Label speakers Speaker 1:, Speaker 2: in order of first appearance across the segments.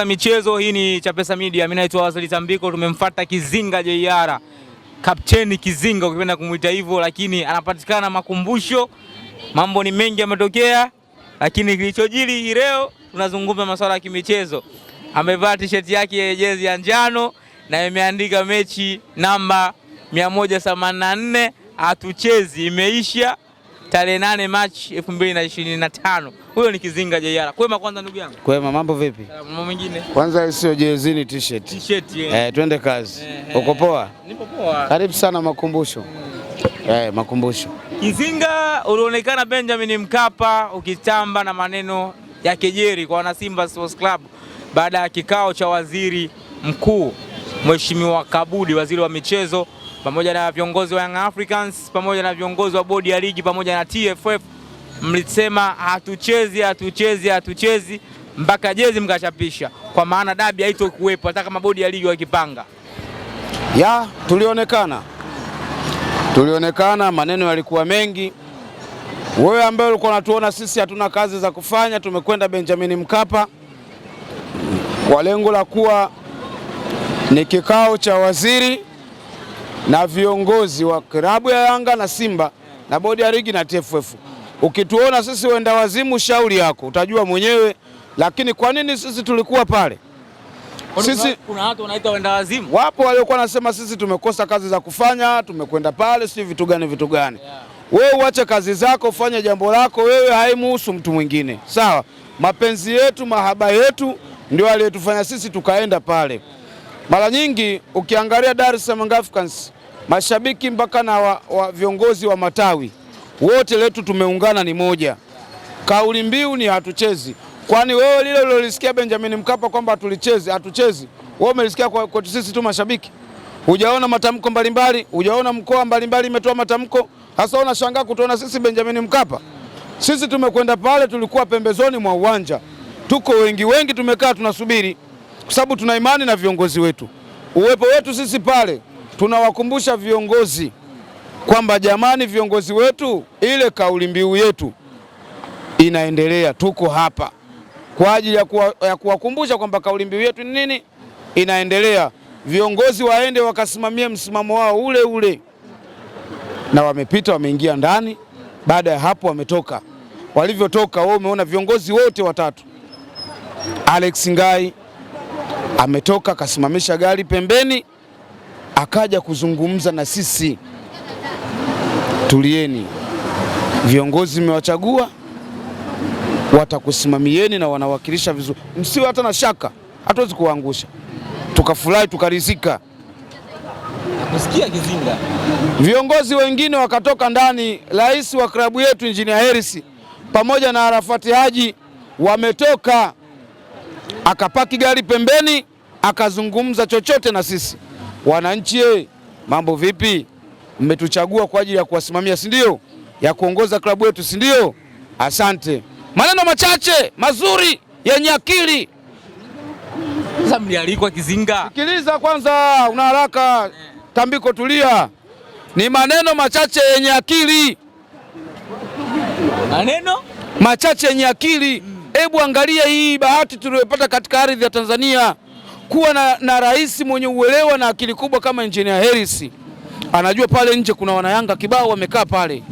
Speaker 1: za michezo, hii ni Chapesa Media. Mimi naitwa Wazili Tambiko, tumemfuata Kizinga JR. E Kapteni Kizinga ukipenda kumuita hivyo, lakini anapatikana makumbusho. Mambo ni mengi yametokea, lakini kilichojili hii leo tunazungumza masuala ya kimichezo. Amevaa t-shirt yake ya jezi ya njano na imeandika mechi namba 184 hatuchezi imeisha tarehe 8 Machi tano. Huyo ni Kizinga JR. Kwema kwanza ndugu yangu.
Speaker 2: Kwema mambo vipi? Mambo mengine. Kwanza sio jezini t-shirt.
Speaker 1: T-shirt yeah.
Speaker 2: Eh, twende kazi. Eh, eh, uko poa?
Speaker 1: Nipo poa.
Speaker 2: Karibu sana makumbusho. Mm. Eh, makumbusho.
Speaker 1: Kizinga ulionekana Benjamin Mkapa ukitamba na maneno ya kejeri kwa wana Simba Sports Club baada ya kikao cha waziri mkuu Mheshimiwa Kabudi, waziri wa michezo pamoja na viongozi wa Young Africans pamoja na viongozi wa bodi ya ligi pamoja na TFF, mlisema hatuchezi hatuchezi hatuchezi mpaka jezi mkachapisha, kwa maana dabi haitokuwepo hata kama bodi ya ligi wakipanga.
Speaker 2: Ya tulionekana tulionekana, maneno yalikuwa mengi. Wewe ambaye ulikuwa unatuona sisi hatuna kazi za kufanya, tumekwenda Benjamin Mkapa kwa lengo la kuwa ni kikao cha waziri na viongozi wa klabu ya Yanga na Simba na bodi ya ligi na TFF. Ukituona sisi wenda wazimu, shauri yako, utajua mwenyewe. Lakini kwa nini sisi tulikuwa pale?
Speaker 1: Sisi, kuna watu wanaita wenda wazimu,
Speaker 2: wapo waliokuwa nasema sisi tumekosa kazi za kufanya, tumekwenda pale, si vitu gani vitu gani yeah. Wewe uache kazi zako ufanye jambo lako wewe, haimuhusu mtu mwingine sawa. Mapenzi yetu mahaba yetu ndio aliyetufanya sisi tukaenda pale. Mara nyingi ukiangalia Dar es Salaam Africans, mashabiki mpaka na wa, wa viongozi wa matawi wote letu tumeungana, ni moja, kauli mbiu ni hatuchezi. Kwani wewe lile ulilisikia Benjamin Mkapa kwamba hatulichezi, hatuchezi, wewe umelisikia kwetu sisi tu mashabiki? Hujaona matamko mbalimbali? Hujaona mkoa mbalimbali imetoa matamko? Hasa unashangaa kutuona sisi Benjamin Mkapa? Sisi tumekwenda pale, tulikuwa pembezoni mwa uwanja, tuko wengi wengi, tumekaa tunasubiri kwa sababu tuna imani na viongozi wetu. Uwepo wetu sisi pale tunawakumbusha viongozi kwamba jamani, viongozi wetu, ile kauli mbiu yetu inaendelea, tuko hapa kwa ajili ya kuwakumbusha kwamba kauli mbiu yetu ni nini, inaendelea. Viongozi waende wakasimamie msimamo wao ule ule, na wamepita, wameingia ndani. Baada ya hapo, wametoka. Walivyotoka, wao, umeona viongozi wote watatu, Alex Ngai ametoka akasimamisha gari pembeni, akaja kuzungumza na sisi, tulieni, viongozi mmewachagua watakusimamieni na wanawakilisha vizuri, msiwe hata na shaka, hatuwezi kuwaangusha. Tukafurahi tukarizika
Speaker 1: Nakusikia kizinga.
Speaker 2: Viongozi wengine wakatoka ndani, rais wa klabu yetu Injinia Hersi pamoja na Arafati Haji wametoka, akapaki gari pembeni, akazungumza chochote na sisi wananchi. Eh, mambo vipi? Mmetuchagua kwa ajili ya kuwasimamia, si ndio? Ya kuongoza klabu yetu, si ndio? Asante. Maneno machache mazuri yenye akili.
Speaker 1: Sasa mlialikwa Kizinga.
Speaker 2: Sikiliza kwanza, una haraka. Tambiko, tulia. Ni maneno machache yenye akili, maneno machache yenye akili. Mm. Hebu angalia hii bahati tuliyopata katika ardhi ya Tanzania kuwa na, na rais mwenye uelewa na akili kubwa kama Engineer Harris Anajua pale nje kuna wanayanga kibao wamekaa pale,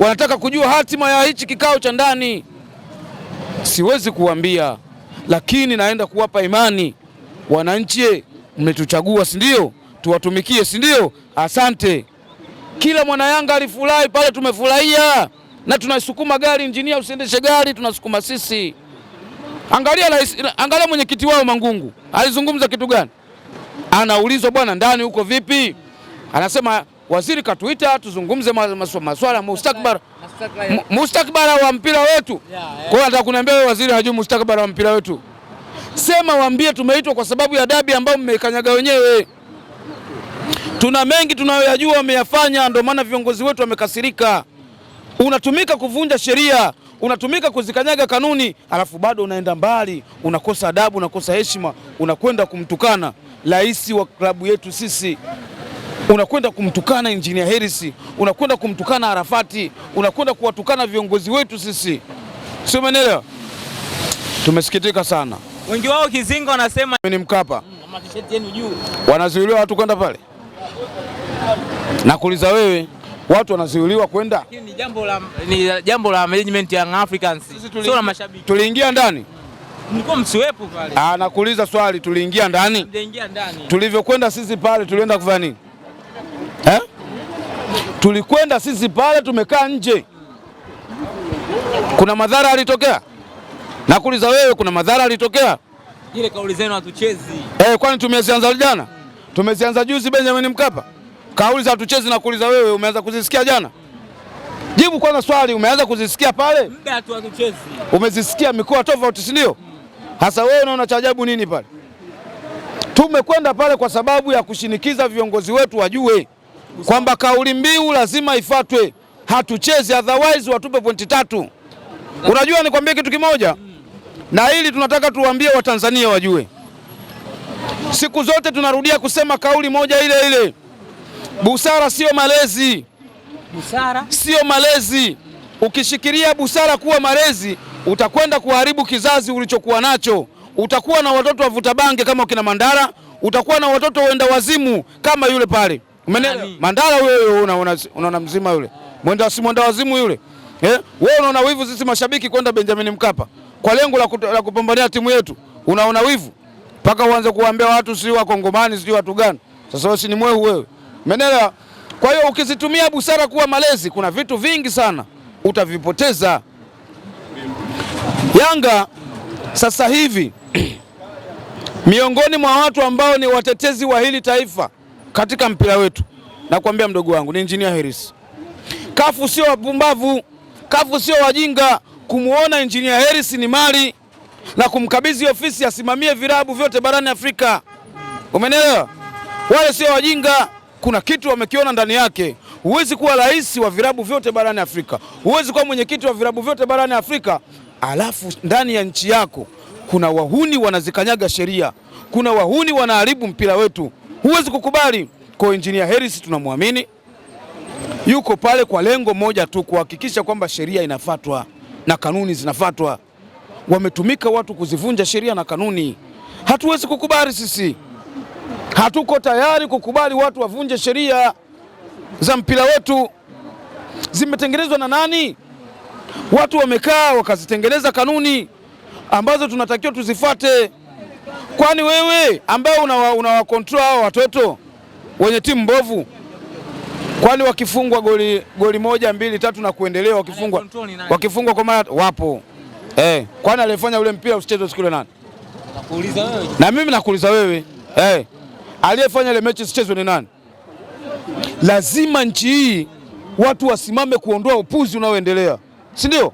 Speaker 2: wanataka kujua hatima ya hichi kikao cha ndani. Siwezi kuambia, lakini naenda kuwapa imani wananchi, mmetuchagua si ndio? Tuwatumikie si ndio? Asante. Kila mwanayanga alifurahi pale, tumefurahia na tunasukuma gari. Injinia, usiendeshe gari, tunasukuma sisi. Angalia rais, angalia mwenyekiti wao Mangungu alizungumza kitu gani? Anaulizwa bwana, ndani huko vipi? Anasema waziri katuita tuzungumze maswala ya mustakbara mustakbara wa mpira wetu. Kwa hiyo nataka kuniambia wewe waziri hajui mustakbara wa mpira wetu? Sema waambie tumeitwa kwa sababu ya dabi ambayo mmeikanyaga wenyewe. Tuna mengi tunayoyajua, wameyafanya, ndio maana viongozi wetu wamekasirika. Unatumika kuvunja sheria, unatumika kuzikanyaga kanuni, alafu bado unaenda mbali, unakosa adabu, unakosa heshima, unakwenda kumtukana rais wa klabu yetu sisi, unakwenda kumtukana Injinia Harris, unakwenda kumtukana Arafati, unakwenda kuwatukana viongozi wetu sisi, sio? Umeelewa? Tumesikitika sana.
Speaker 1: Wengi wao kizinga wanasema
Speaker 2: ni Mkapa, mm, wanazuiliwa watu kwenda pale. Nakuuliza wewe watu wanazuiliwa kwenda.
Speaker 1: ni jambo la ni jambo la management ya Africans,
Speaker 2: sio la mashabiki. Tuliingia ndani hmm.
Speaker 1: mlikuwa msiwepo pale.
Speaker 2: Ah, nakuuliza swali, tuliingia ndani?
Speaker 1: Tuliingia ndani.
Speaker 2: Tulivyokwenda sisi pale tulienda kufanya nini? Eh? Tulikwenda sisi pale tumekaa nje. Kuna madhara alitokea? Nakuuliza wewe, kuna madhara alitokea?
Speaker 1: Ile kauli zenu hatuchezi.
Speaker 2: Eh, kwani tumezianza jana? Hmm. Tumezianza juzi Benjamin Mkapa? Kauli za tucheze na kuuliza wewe umeanza kuzisikia jana? Jibu kwanza swali, umeanza kuzisikia pale? Muda tu hatuchezi. Umezisikia mikoa tofauti, si ndio? Hasa wewe unaona cha ajabu nini pale? Tumekwenda pale kwa sababu ya kushinikiza viongozi wetu wajue kwamba kauli mbiu lazima ifatwe, hatuchezi otherwise watupe pointi tatu. Unajua, nikwambie kitu kimoja, na hili tunataka tuwaambie Watanzania wajue, siku zote tunarudia kusema kauli moja ile ile Busara sio malezi, busara sio malezi. Ukishikilia busara kuwa malezi, utakwenda kuharibu kizazi ulichokuwa nacho. Utakuwa na watoto wavuta bange kama kina Mandara, utakuwa na watoto waenda wazimu kama yule pale, umeelewa? Mandara huyo unaona, unaona mzima yule mwenda, si mwenda wazimu yule eh? Wewe unaona wivu sisi mashabiki kwenda Benjamin Mkapa kwa lengo la kut, kupambania timu yetu, unaona wivu mpaka uanze kuambia watu si wa Kongomani si watu gani? Sasa wewe si ni mwehu wewe? Umeelewa? Kwa hiyo ukizitumia busara kuwa malezi, kuna vitu vingi sana utavipoteza. Yanga sasa hivi miongoni mwa watu ambao ni watetezi wa hili taifa katika mpira wetu, nakwambia mdogo wangu, ni injinia Harris. Kafu sio wapumbavu, kafu sio wajinga. Kumwona injinia Harris ni mali na kumkabidhi ofisi asimamie virabu vyote barani Afrika. umenelewa Wale sio wajinga kuna kitu wamekiona ndani yake. Huwezi kuwa rais wa virabu vyote barani Afrika, huwezi kuwa mwenyekiti wa virabu vyote barani Afrika, alafu ndani ya nchi yako kuna wahuni wanazikanyaga sheria, kuna wahuni wanaharibu mpira wetu, huwezi kukubali. Kwa Engineer Hersi tunamwamini yuko pale kwa lengo moja tu, kuhakikisha kwamba sheria inafatwa na kanuni zinafatwa. Wametumika watu kuzivunja sheria na kanuni, hatuwezi kukubali sisi. Hatuko tayari kukubali watu wavunje sheria za mpira wetu. Zimetengenezwa na nani? Watu wamekaa wakazitengeneza kanuni ambazo tunatakiwa tuzifate Kwani wewe ambaye unawakontrol una hao watoto wenye timu mbovu, kwani wakifungwa goli, goli moja mbili tatu na kuendelea, wakifungwa wakifungwa kwa mara wapo eh, kwani aliyefanya ule mpira usichezwe siku ile nani? Na mimi nakuuliza wewe hey. Aliyefanya ile mechi sichezwe ni nani? Lazima nchi hii watu wasimame kuondoa upuzi unaoendelea, si ndio?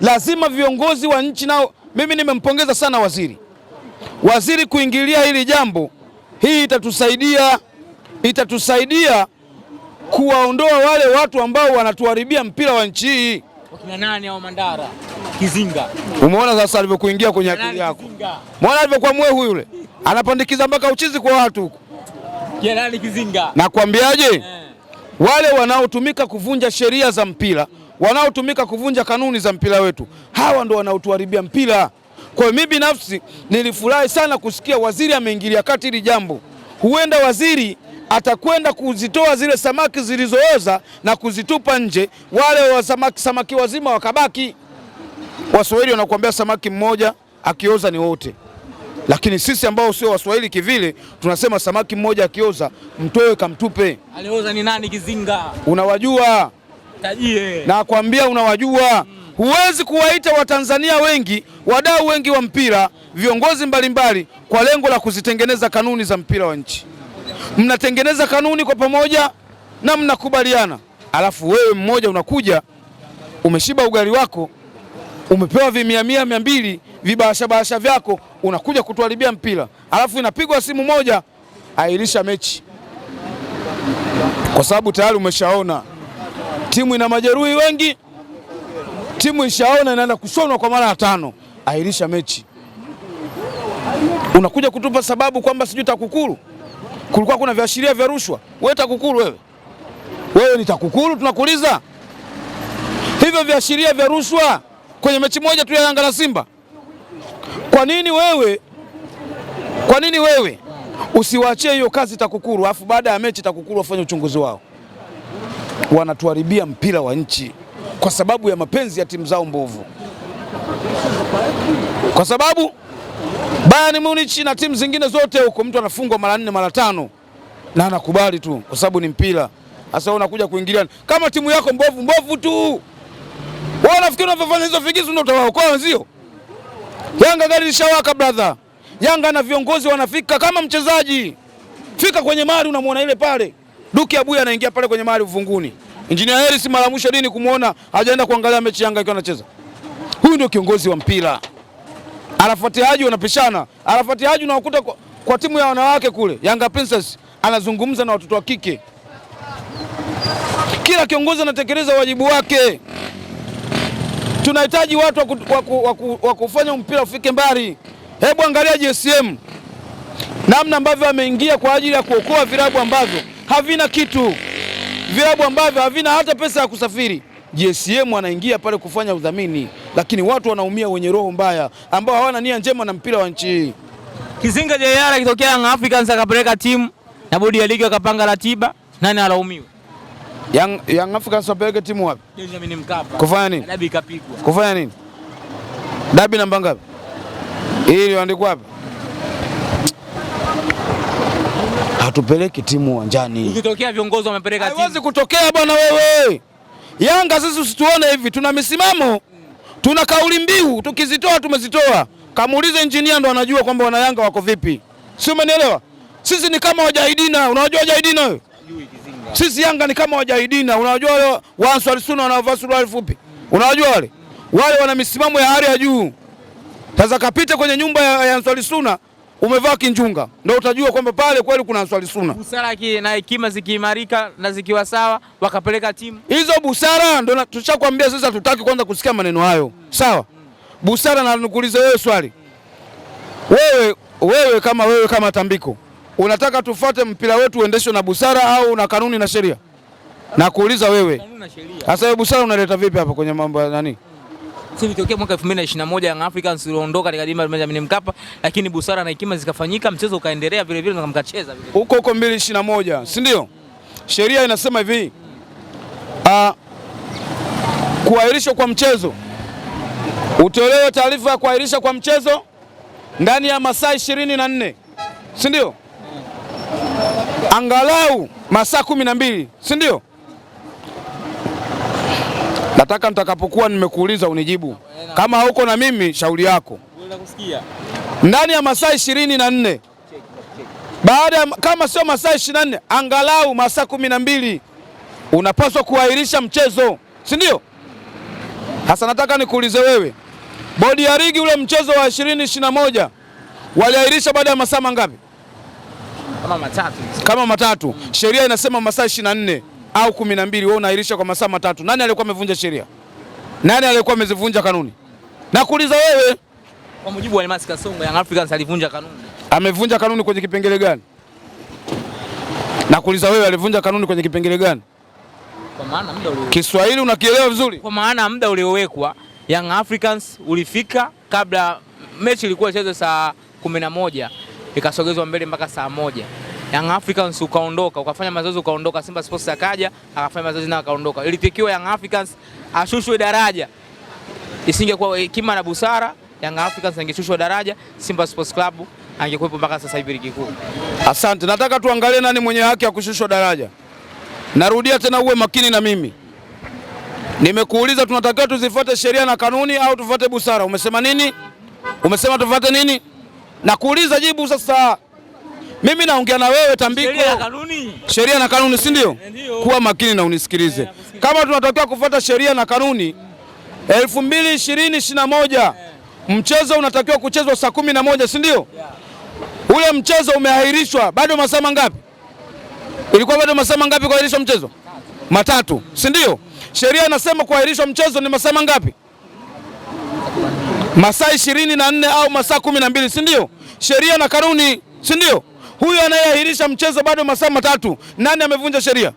Speaker 2: Lazima viongozi wa nchi nao. Mimi nimempongeza sana waziri, waziri kuingilia hili jambo. Hii itatusaidia, itatusaidia kuwaondoa wale watu ambao wanatuharibia mpira wa nchi hii.
Speaker 1: Wakina nani au Mandara Kizinga?
Speaker 2: Umeona sasa alivyokuingia kwenye akili yako, mwana alivyokuwa mwehu yule anapandikiza mpaka uchizi kwa watu huko.
Speaker 1: Jenerali Kizinga,
Speaker 2: nakwambiaje eh? Wale wanaotumika kuvunja sheria za mpira, wanaotumika kuvunja kanuni za mpira wetu, hawa ndo wanaotuharibia mpira. Kwa hiyo mimi binafsi nilifurahi sana kusikia waziri ameingilia kati hili jambo. Huenda waziri atakwenda kuzitoa zile samaki zilizooza na kuzitupa nje, wale wa samaki, samaki wazima wakabaki. Waswahili wanakuambia samaki mmoja akioza ni wote lakini sisi ambao sio waswahili kivile tunasema samaki mmoja akioza mtoe kamtupe.
Speaker 1: Alioza ni nani? Kizinga
Speaker 2: unawajua,
Speaker 1: tajie
Speaker 2: nakwambia, unawajua mm. Huwezi kuwaita Watanzania wengi, wadau wengi wa mpira, viongozi mbalimbali mbali, kwa lengo la kuzitengeneza kanuni za mpira wa nchi. Mnatengeneza kanuni kwa pamoja na mnakubaliana, alafu wewe mmoja unakuja umeshiba ugali wako, umepewa vimia mia mia mbili vibahashabahasha vyako unakuja kutuharibia mpira, alafu inapigwa simu moja airisha mechi, kwa sababu tayari umeshaona timu ina majeruhi wengi, timu ishaona inaenda kushonwa kwa mara ya tano, airisha mechi. Unakuja kutupa sababu kwamba sijui TAKUKURU kulikuwa kuna viashiria vya rushwa. Wewe TAKUKURU wewe, wewe ni TAKUKURU? Tunakuuliza hivyo viashiria vya rushwa kwenye mechi moja tu ya Yanga na Simba kwa nini wewe, kwa nini wewe usiwaachie hiyo kazi TAKUKURU alafu baada ya mechi TAKUKURU wafanye uchunguzi wao? Wanatuharibia mpira wa nchi kwa sababu ya mapenzi ya timu zao mbovu, kwa sababu Bayern Munich na timu zingine zote huko mtu anafungwa mara nne mara tano na anakubali tu kwa sababu ni mpira. Sasa unakuja kuingilia kama timu yako mbovu mbovu tu, wewe unafikiri unavyofanya hizo figisu ndio utawaokoa wenzio. Yanga gari lishawaka brother. Yanga na viongozi wanafika kama mchezaji. Fika kwenye mali unamwona ile pale. Duki Abuya anaingia pale kwenye mali uvunguni. Engineer Harris mara mwisho lini kumuona hajaenda kuangalia mechi Yanga ikiwa anacheza. Huyu ndio kiongozi wa mpira. Arafuatiaji wanapishana. Arafuatiaji unawakuta kwa, kwa timu ya wanawake kule Yanga Princess anazungumza na watoto wa kike. Kila kiongozi anatekeleza wajibu wake tunahitaji watu wa kufanya mpira ufike mbali. Hebu angalia JSM namna ambavyo wameingia kwa ajili ya kuokoa vilabu ambavyo havina kitu, vilabu ambavyo havina hata pesa ya kusafiri. JSM wanaingia pale kufanya udhamini, lakini watu wanaumia, wenye roho mbaya ambao hawana nia njema na mpira wa nchi hii.
Speaker 1: Kizinga JR akitokea Young Africans akapeleka timu na bodi ya ligi wakapanga ratiba, nani alaumiwa?
Speaker 2: Young, Young Africans wapeleke timu wapi?
Speaker 1: Benjamin Mkapa.
Speaker 2: Kufanya nini? Dabi ikapigwa. Kufanya nini? Dabi namba ngapi? Hii iliyoandikwa wapi? Hatupeleki timu uwanjani.
Speaker 1: Ikitokea viongozi wamepeleka timu.
Speaker 2: Haiwezi kutokea bwana wewe. Yanga sisi usituone hivi, tuna misimamo, tuna kauli mbiu, tukizitoa tumezitoa. Kamuulize injinia ndo anajua kwamba wana Yanga wako vipi. Si umenielewa? Sisi ni kama wajaidina, unawajua wajaidina wewe? Sisi Yanga ni kama wajahidina. Unajua wale wanswali sunna wanavaa suruali fupi, unajua wale wale wana misimamo ya hali ya juu. Taza kapita kwenye nyumba ya, ya answali sunna umevaa kinjunga, ndio utajua kwamba pale kweli kuna answali sunna.
Speaker 1: Busara na hekima zikiimarika na zikiwa sawa, wakapeleka timu
Speaker 2: hizo. Busara ndio tushakwambia sasa, tutaki kwanza kusikia maneno hayo, sawa? Busara, na nikuulize wewe swali, wewe wewe kama wewe kama tambiko unataka tufate mpira wetu uendeshwe na busara au na kanuni na sheria? Nakuuliza wewe, sasa hiyo busara unaleta vipi hapa kwenye mambo ya nani?
Speaker 1: Sisi tokea mwaka 2021 Young Africans iliondoka katika dimba la Benjamin Mkapa, lakini busara na hekima zikafanyika, mchezo ukaendelea vile vile na mkacheza vile
Speaker 2: huko huko 2021, si ndio? Sheria inasema hivi ah, kuahirishwa kwa mchezo utolewe taarifa ya kuahirisha kwa mchezo ndani ya masaa 24 si ndio? angalau masaa kumi na mbili, si ndio? Nataka nitakapokuwa nimekuuliza unijibu. Kama huko na mimi, shauri yako. Ndani ya masaa ishirini na nne baada kama sio masaa ishirini na nne angalau masaa kumi na mbili unapaswa kuahirisha mchezo, si ndio? Sasa nataka nikuulize wewe, bodi ya ligi ule mchezo wa ishirini ishirini na moja waliahirisha baada ya masaa mangapi? kama matatu, kama matatu. Mm. Sheria inasema masaa ishirini na nne au kumi na mbili, wewe unaahirisha kwa masaa matatu. Nani aliyekuwa amevunja sheria? Nani aliyekuwa amezivunja kanuni? Nakuuliza wewe.
Speaker 1: Kwa mujibu wa Almasi Kasongo, Young Africans alivunja kanuni.
Speaker 2: Amevunja kanuni kwenye kipengele gani? Nakuuliza wewe, alivunja kanuni kwenye kipengele gani?
Speaker 1: Kwa maana muda ule.
Speaker 2: Kiswahili unakielewa vizuri? Kwa
Speaker 1: maana muda uliowekwa Young Africans ulifika kabla mechi ilikuwa ichezwe saa 11 ikasogezwa mbele mpaka saa moja. Young Africans ukaondoka ukafanya mazoezi ukaondoka, Simba Sports akaja akafanya mazoezi na akaondoka. Ilitikiwa Young Africans ashushwe daraja, isingekuwa hekima na busara, Young Africans angeshushwa daraja, Simba Sports Club angekuwepo mpaka sasa hivi ligi kuu.
Speaker 2: Asante, nataka tuangalie nani mwenye haki ya kushushwa daraja. Narudia tena, uwe makini na mimi. Nimekuuliza tunatakiwa tuzifuate sheria na kanuni au tufuate busara? Umesema nini? Umesema tufuate nini? na kuuliza jibu sasa. Mimi naongea na wewe Tambiko, sheria na kanuni, si eh, ndio? Kuwa makini na unisikilize. Eh, Kama tunatakiwa kufuata sheria na kanuni, elfu mbili ishirini na moja eh. mchezo unatakiwa kuchezwa saa kumi na moja si ndio? Ule mchezo umeahirishwa, bado masaa mangapi? Ilikuwa bado masaa mangapi kuahirishwa mchezo? Matatu, si ndio? Sheria inasema kuahirishwa mchezo ni masaa mangapi? masaa ishirini na nne au masaa kumi na mbili si ndio? Sheria na kanuni, si ndio? Huyu anayeahirisha mchezo bado masaa matatu, nani amevunja sheria?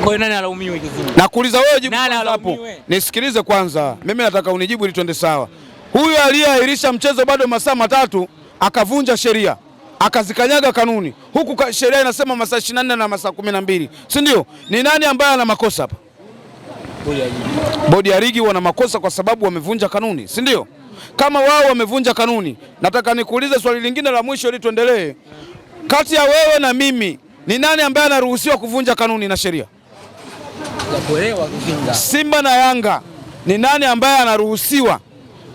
Speaker 1: Kwa hiyo nani alaumiwe?
Speaker 2: Nakuuliza wewe, jibu
Speaker 1: hapo.
Speaker 2: Nisikilize kwanza, mimi nataka unijibu ili tuende sawa. Huyu aliyeahirisha mchezo bado masaa matatu akavunja sheria akazikanyaga kanuni, huku sheria inasema masaa 24 na masaa kumi na mbili, si ndio? Ni nani ambaye ana makosa hapa? Bodi ya ligi wana makosa kwa sababu wamevunja kanuni, si ndio? Kama wao wamevunja kanuni, nataka nikuulize swali lingine la mwisho ili tuendelee. Kati ya wewe na mimi ni nani ambaye anaruhusiwa kuvunja kanuni na sheria? Simba na Yanga ni nani ambaye anaruhusiwa,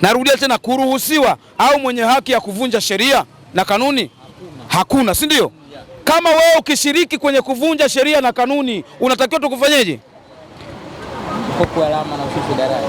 Speaker 2: narudia tena, kuruhusiwa au mwenye haki ya kuvunja sheria na kanuni? Hakuna, si ndio? Kama wewe ukishiriki kwenye kuvunja sheria na kanuni, unatakiwa tukufanyeje?
Speaker 1: Kopo alama na ushushwe daraja.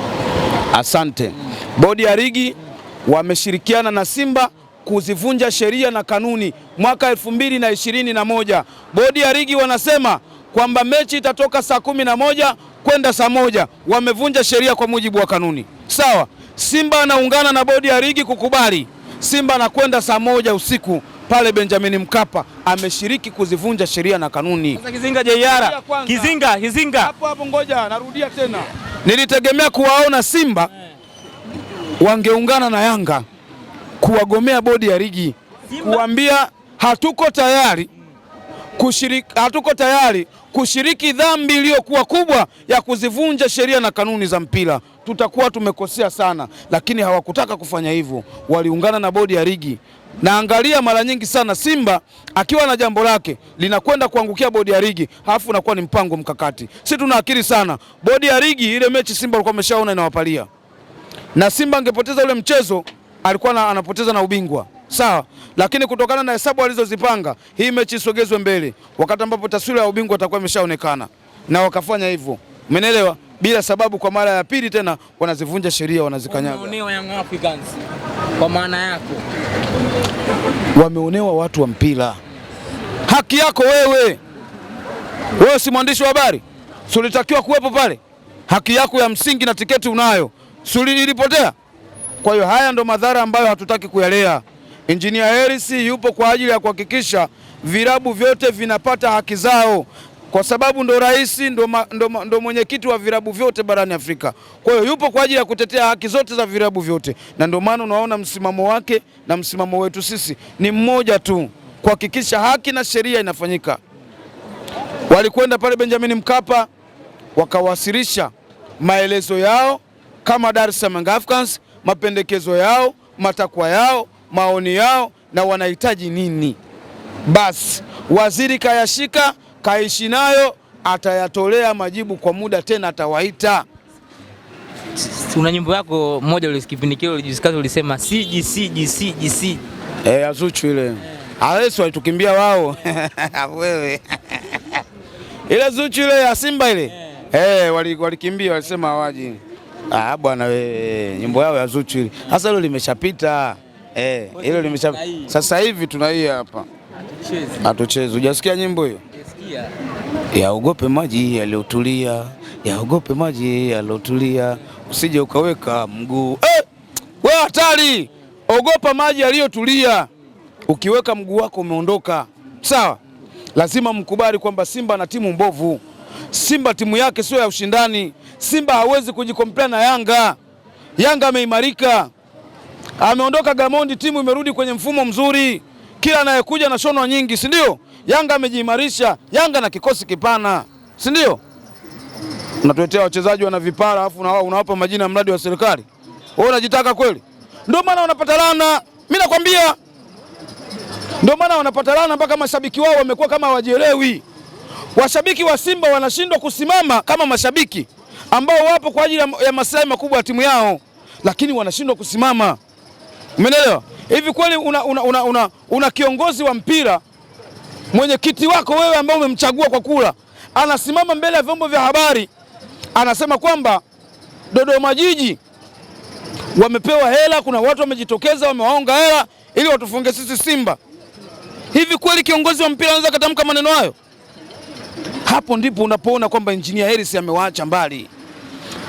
Speaker 2: Asante mm. Bodi ya ligi mm. wameshirikiana na Simba kuzivunja sheria na kanuni mwaka elfu mbili na ishirini na moja. Bodi ya ligi wanasema kwamba mechi itatoka saa kumi na moja kwenda saa moja. Wamevunja sheria kwa mujibu wa kanuni. Sawa, Simba anaungana na bodi ya ligi kukubali, Simba anakwenda saa moja usiku pale Benjamin Mkapa ameshiriki kuzivunja sheria na kanuni. Sasa
Speaker 1: Kizinga JR, Kizinga, Kizinga. Hapo
Speaker 2: hapo ngoja narudia tena. Nilitegemea kuwaona Simba wangeungana na Yanga kuwagomea bodi ya ligi kuambia hatuko tayari kushiriki, hatuko tayari kushiriki dhambi iliyokuwa kubwa ya kuzivunja sheria na kanuni za mpira. Tutakuwa tumekosea sana, lakini hawakutaka kufanya hivyo, waliungana na bodi ya ligi naangalia mara nyingi sana Simba akiwa na jambo lake linakwenda kuangukia bodi ya ligi, halafu unakuwa ni mpango mkakati. Si tuna akili sana, bodi ya ligi ile mechi Simba alikuwa ameshaona inawapalia, na Simba angepoteza ule mchezo alikuwa na, anapoteza na ubingwa sawa, lakini kutokana na hesabu alizozipanga hii mechi isogezwe mbele, wakati ambapo taswira ya ubingwa itakuwa imeshaonekana, na wakafanya hivyo, umeelewa? bila sababu, kwa mara ya pili tena wanazivunja sheria, wanazikanyaga. Wameonewa
Speaker 1: Young Africans kwa maana yako,
Speaker 2: wameonewa watu wa mpira. Haki yako wewe, wewe si mwandishi wa habari? Si ulitakiwa kuwepo pale? Haki yako ya msingi na tiketi unayo, si ilipotea? Kwa hiyo haya ndo madhara ambayo hatutaki kuyalea. Injinia Hersi yupo kwa ajili ya kuhakikisha virabu vyote vinapata haki zao kwa sababu ndo rais ndo, ndo, ndo mwenyekiti wa virabu vyote barani Afrika. Kwa hiyo yupo kwa ajili ya kutetea haki zote za virabu vyote, na ndio maana unaona msimamo wake na msimamo wetu sisi ni mmoja tu, kuhakikisha haki na sheria inafanyika. Walikwenda pale Benjamin Mkapa wakawasilisha maelezo yao kama Dar es Salaam Africans, mapendekezo yao, matakwa yao, maoni yao na wanahitaji nini, basi waziri kayashika kaishi nayo, atayatolea majibu kwa muda, tena atawaita.
Speaker 1: Una nyimbo yako moja kipindi kile ulijisikika, ulisema siji siji siji siji.
Speaker 2: Eh, Azuchu ile ah, Yesu alitukimbia wao wewe ile Zuchu ile ya Simba ile eh, eh walikimbia walisema waji Ah, bwana wewe, nyimbo yao ya Zuchu ile sasa, hilo limeshapita eh, hilo limesha. Sasa hivi tuna hii hapa, hatuchezi. Hujasikia nyimbo hiyo? Yaogope maji yaliyotulia, yaogope maji yaliyotulia, usije ukaweka mguu eh! We hatari, ogopa maji yaliyotulia. Ukiweka mguu wako umeondoka. Sawa, lazima mkubali kwamba Simba na timu mbovu. Simba timu yake sio ya ushindani. Simba hawezi kujikomplea na Yanga. Yanga ameimarika, ameondoka Gamondi, timu imerudi kwenye mfumo mzuri, kila anayekuja na shono nyingi, si ndio? Yanga amejiimarisha, Yanga na kikosi kipana, si ndio? Unatuletea wachezaji wana vipara afu na wao unawapa majina ya mradi wa serikali. Wewe unajitaka kweli? Ndio maana wanapata lana. mimi nakwambia, ndio maana wanapata lana mpaka mashabiki wao wamekuwa kama hawajielewi. Washabiki wa Simba wanashindwa kusimama kama mashabiki ambao wapo kwa ajili ya maslahi makubwa ya timu yao, lakini wanashindwa kusimama. Umeelewa? Hivi kweli una, una, una, una, una kiongozi wa mpira mwenyekiti wako wewe ambaye umemchagua kwa kula anasimama mbele ya vyombo vya habari anasema kwamba Dodoma jiji wamepewa hela, kuna watu wamejitokeza wamewaonga hela ili watufunge sisi Simba. Hivi kweli kiongozi wa mpira anaweza katamka maneno hayo? Hapo ndipo unapoona kwamba injinia Hersi amewaacha mbali,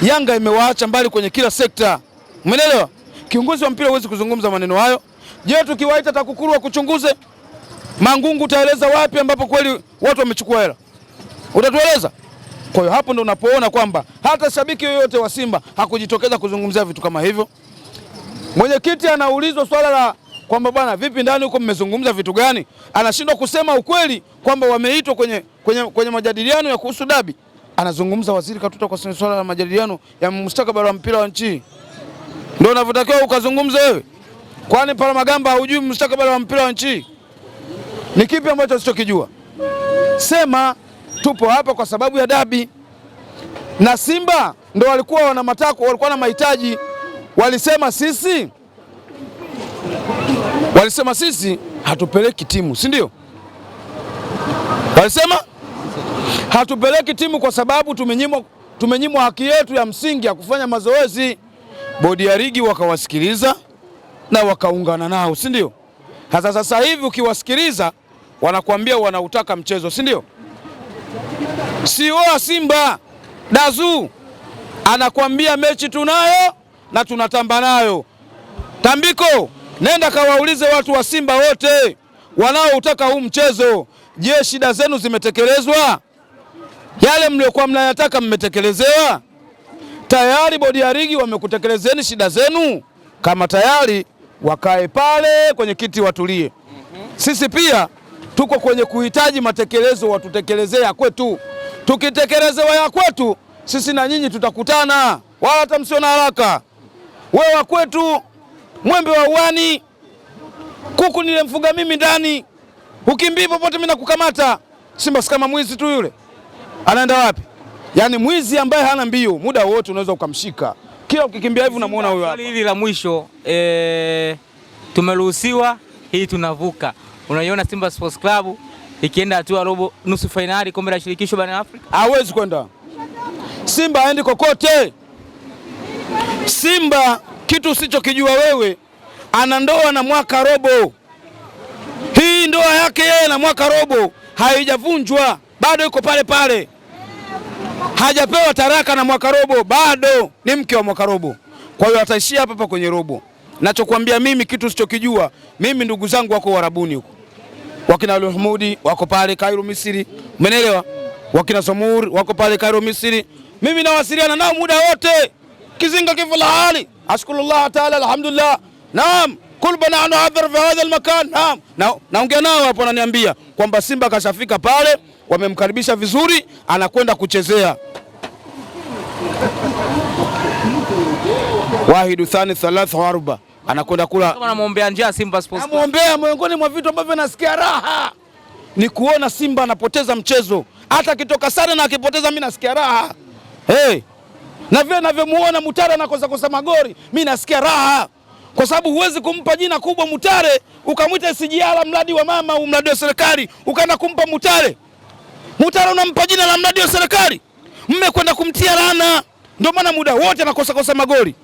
Speaker 2: Yanga imewaacha mbali kwenye kila sekta, umeelewa? Kiongozi wa mpira huwezi kuzungumza maneno hayo. Je, tukiwaita TAKUKURU wakuchunguze? Mangungu utaeleza wapi ambapo kweli watu wamechukua hela? Utatueleza? Kwa hiyo hapo ndo unapoona kwamba hata shabiki yoyote wa Simba hakujitokeza kuzungumzia vitu kama hivyo. Mwenyekiti anaulizwa swala la kwamba bwana, vipi ndani huko mmezungumza vitu gani? Anashindwa kusema ukweli kwamba wameitwa kwenye, kwenye, kwenye majadiliano ya kuhusu dabi. Anazungumza waziri Katuta kwa swala la majadiliano ya mustakabali wa mpira wa nchi. Ndio unavyotakiwa ukazungumza wewe, kwani Palamagamba haujui mustakabali wa mpira wa nchi? Ni kipi ambacho usichokijua? Sema tupo hapa kwa sababu ya dabi, na Simba ndo walikuwa wana matako, walikuwa na mahitaji. Walisema sisi, walisema sisi hatupeleki timu, si ndio? Walisema hatupeleki timu kwa sababu tumenyimwa, tumenyimwa haki yetu ya msingi ya kufanya mazoezi. Bodi ya ligi wakawasikiliza na wakaungana nao, si ndio? hasa sasa hivi ukiwasikiliza wanakuambia wanautaka mchezo, si ndio? Sioa Simba Dazu anakwambia mechi tunayo na tunatamba nayo. Tambiko, nenda kawaulize watu wa Simba wote wanaoutaka huu mchezo. Je, shida zenu zimetekelezwa? Yale mliokuwa mnayataka mmetekelezewa tayari? Bodi ya ligi wamekutekelezeni shida zenu? Kama tayari wakae pale kwenye kiti watulie. Sisi pia tuko kwenye kuhitaji matekelezo, watutekelezee ya kwetu. Tukitekelezewa ya kwetu, sisi na nyinyi tutakutana, wala hata msio na haraka. Wewe wa kwetu, mwembe wa uani kuku nilemfuga mimi ndani. Ukimbii popote, mimi nakukamata. Simba kama mwizi tu, yule anaenda wapi? Yaani mwizi ambaye hana mbio, muda wote unaweza ukamshika kila ukikimbia hivi unamuona huyo hapa. Hili
Speaker 1: la mwisho e, tumeruhusiwa hii tunavuka. Unaiona Simba Sports Club ikienda hatua robo nusu fainali kombe la shirikisho barani Afrika.
Speaker 2: Hawezi kwenda. Simba aendi kokote. Simba kitu usichokijua wewe, ana ndoa na mwaka robo. Hii ndoa yake yeye na mwaka robo haijavunjwa, bado iko pale pale hajapewa taraka na mwaka robo, bado ni mke wa mwaka robo. Kwa hiyo ataishia hapa hapa kwenye robo. Nachokwambia mimi kitu sichokijua mimi, ndugu zangu wako Warabuni huko, wakina luhmudi wako pale Kairo Misri, umeelewa? Wakina somur wako pale Kairo Misri, mimi nawasiliana nao muda wote, kizinga kivula hali, ashkurullah taala, alhamdulillah, naam kulba na ana hadhar fi hadha almakan. Naam, naongea nao hapo, ananiambia kwamba Simba kashafika pale, wamemkaribisha vizuri, anakwenda kuchezea wahidu thani thalath wa arba, anakwenda kula.
Speaker 1: Anamwombea njia Simba Sports Club,
Speaker 2: anamwombea. Miongoni mwa vitu ambavyo nasikia raha ni kuona Simba anapoteza mchezo, hata akitoka sare na akipoteza, mimi nasikia raha hey. na vile navyomuona Mutara anakosa kosa magori, mimi nasikia raha kwa sababu huwezi kumpa jina kubwa Mutare ukamwita SGR mradi wa mama au mradi wa serikali ukaenda kumpa Mutare. Mutare unampa jina la mradi wa serikali, mmekwenda kumtia laana. Ndio maana muda wote anakosa kosa magoli.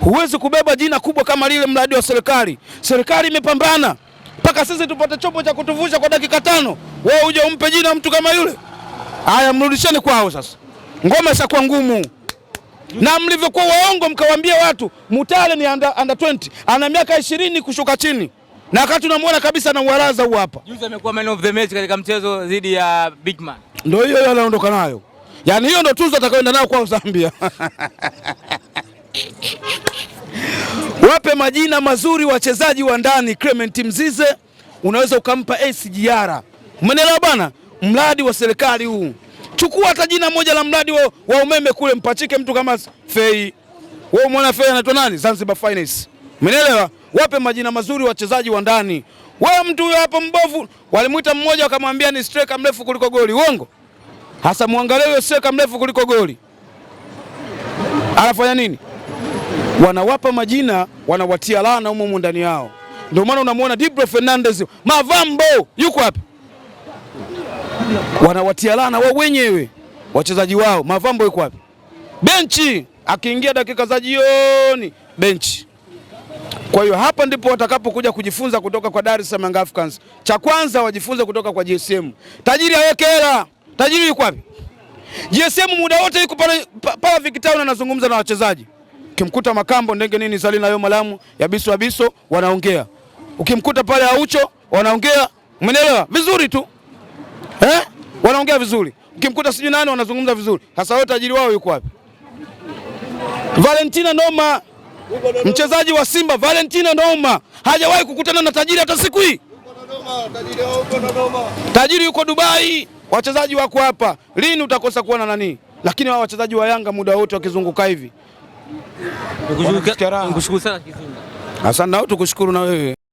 Speaker 2: Huwezi kubeba jina kubwa kama lile mradi wa serikali. Serikali imepambana mpaka sisi tupate chombo cha kutuvusha kwa dakika tano, wewe uje umpe jina mtu kama yule. Haya, mrudisheni kwao sasa, ngoma ishakuwa ngumu na mlivyokuwa waongo mkawaambia watu Mutale ni under, under 20 ana miaka ishirini kushuka chini na wakati tunamwona kabisa na uwaraza huu hapa. Juzi
Speaker 1: amekuwa man of the match katika mchezo dhidi ya Bigman.
Speaker 2: Ndio hiyo hiyo anaondoka nayo, yaani hiyo ndio tuzo atakayoenda nayo kwao Zambia. Wape majina mazuri wachezaji wa ndani. Clement Mzize unaweza ukampa ACGR, Umeelewa bwana, mradi wa serikali huu chukua hata jina moja la mradi wa, wa umeme kule, mpachike mtu kama Fei. Wewe umeona Fei anaitwa nani? Zanzibar Finance, umeelewa? Wape majina mazuri wachezaji wa ndani. Wewe mtu huyo hapo mbovu, walimuita mmoja wakamwambia ni striker mrefu kuliko goli. Uongo hasa, muangalie huyo striker mrefu kuliko goli anafanya nini? Wanawapa majina, wanawatia laana humo ndani yao. Ndio maana unamwona Dibro Fernandez Mavambo yuko wapi? wanawatia lana wao wenyewe wachezaji wao. Mavambo yuko wapi? Benchi, akiingia dakika za jioni benchi. Kwa hiyo hapa ndipo watakapokuja kujifunza kutoka kwa Dar es Salaam Young Africans. Cha kwanza wajifunze kutoka kwa GSM. Tajiri aweke hela. Tajiri yuko wapi? GSM muda wote yuko pale pale Vikitao anazungumza na wachezaji. Ukimkuta Makambo ndenge nini zali na yo malamu ya biso yabiso biso wanaongea. Ukimkuta pale Aucho wanaongea. Umeelewa? Vizuri tu eh? Wanaongea vizuri, ukimkuta sijui nani wanazungumza vizuri. Sasa wewe tajiri wao yuko wapi? Valentina Noma. mchezaji wa Simba Valentina noma hajawahi kukutana na tajiri hata siku hii. Tajiri yuko Dubai, wachezaji wako hapa. Lini utakosa kuona nani? Lakini hao wachezaji wa Yanga muda wote wakizunguka hivi. Asante na wewe tukushukuru na wewe.